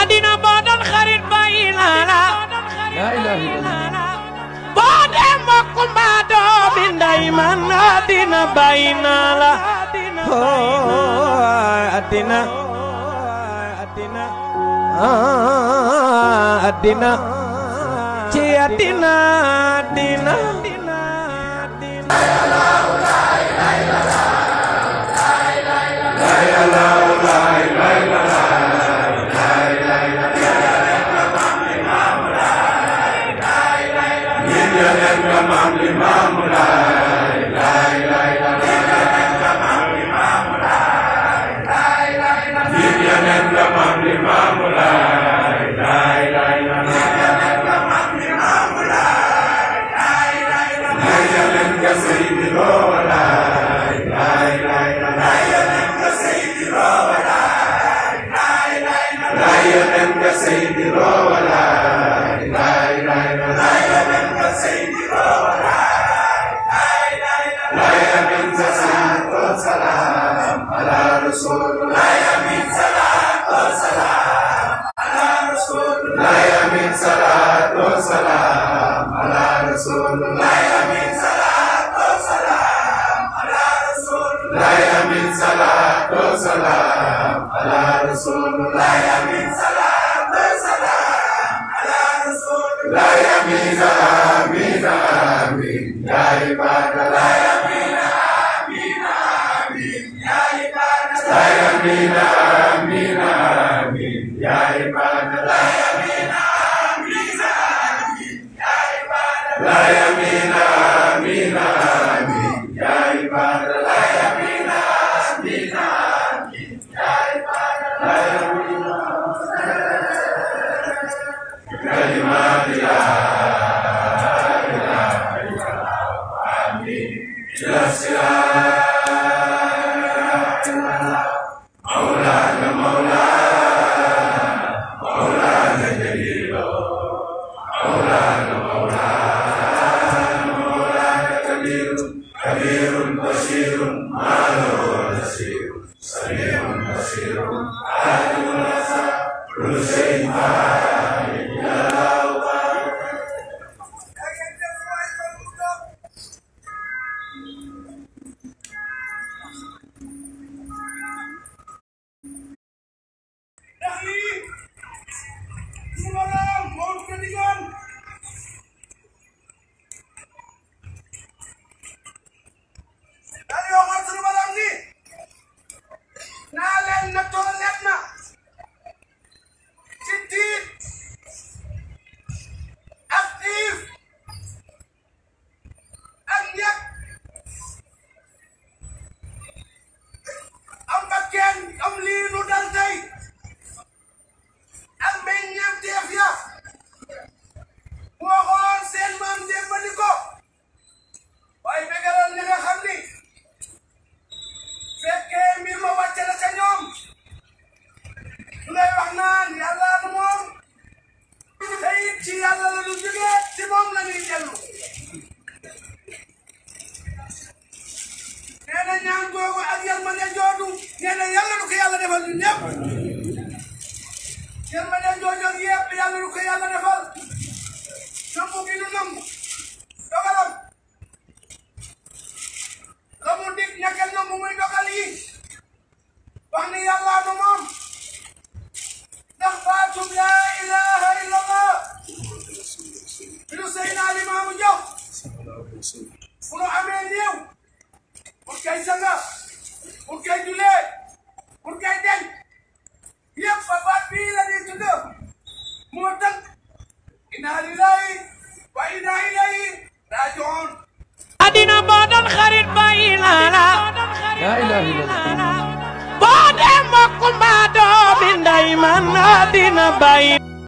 adina boo doon xarit bàyyi naa la boo dee mbokk mbaa doomi ndey man adina bàyyi naa la adina adina ah, adina ci adina adina Laya min salat wa salam ala Rasul. Laya min salat wa salam ala Rasul. Laya min salat wa salam ala Rasul. Laya min salat wa salam ala Rasul. Laya min salat wa salam ala Rasul. Laya min salat wa salam ala Rasul. Laya min salat, min salam, min ya ibadah. Laya amin amin amin yaay baana laay amin amin amin yaay baana laay amin amin amin yaay baana laay amin amin amin yaay baana laay amin amin kalimaat laa ilaaha illallaah amin ila siraat Senhor, Senhor, Senhor, Senhor, Senhor, Senhor, yàllaa nu moom ndax baatub laa ilaha illa allah bi nu Seydina Limaamu Jaw bu nu amee néew pour kay sanga pour kay julee pour kay denc yëpp ba baat bii la ñuy tudd moo tënk inna lillahi wa inna ilayhi raaji'uun man na dina bàyyi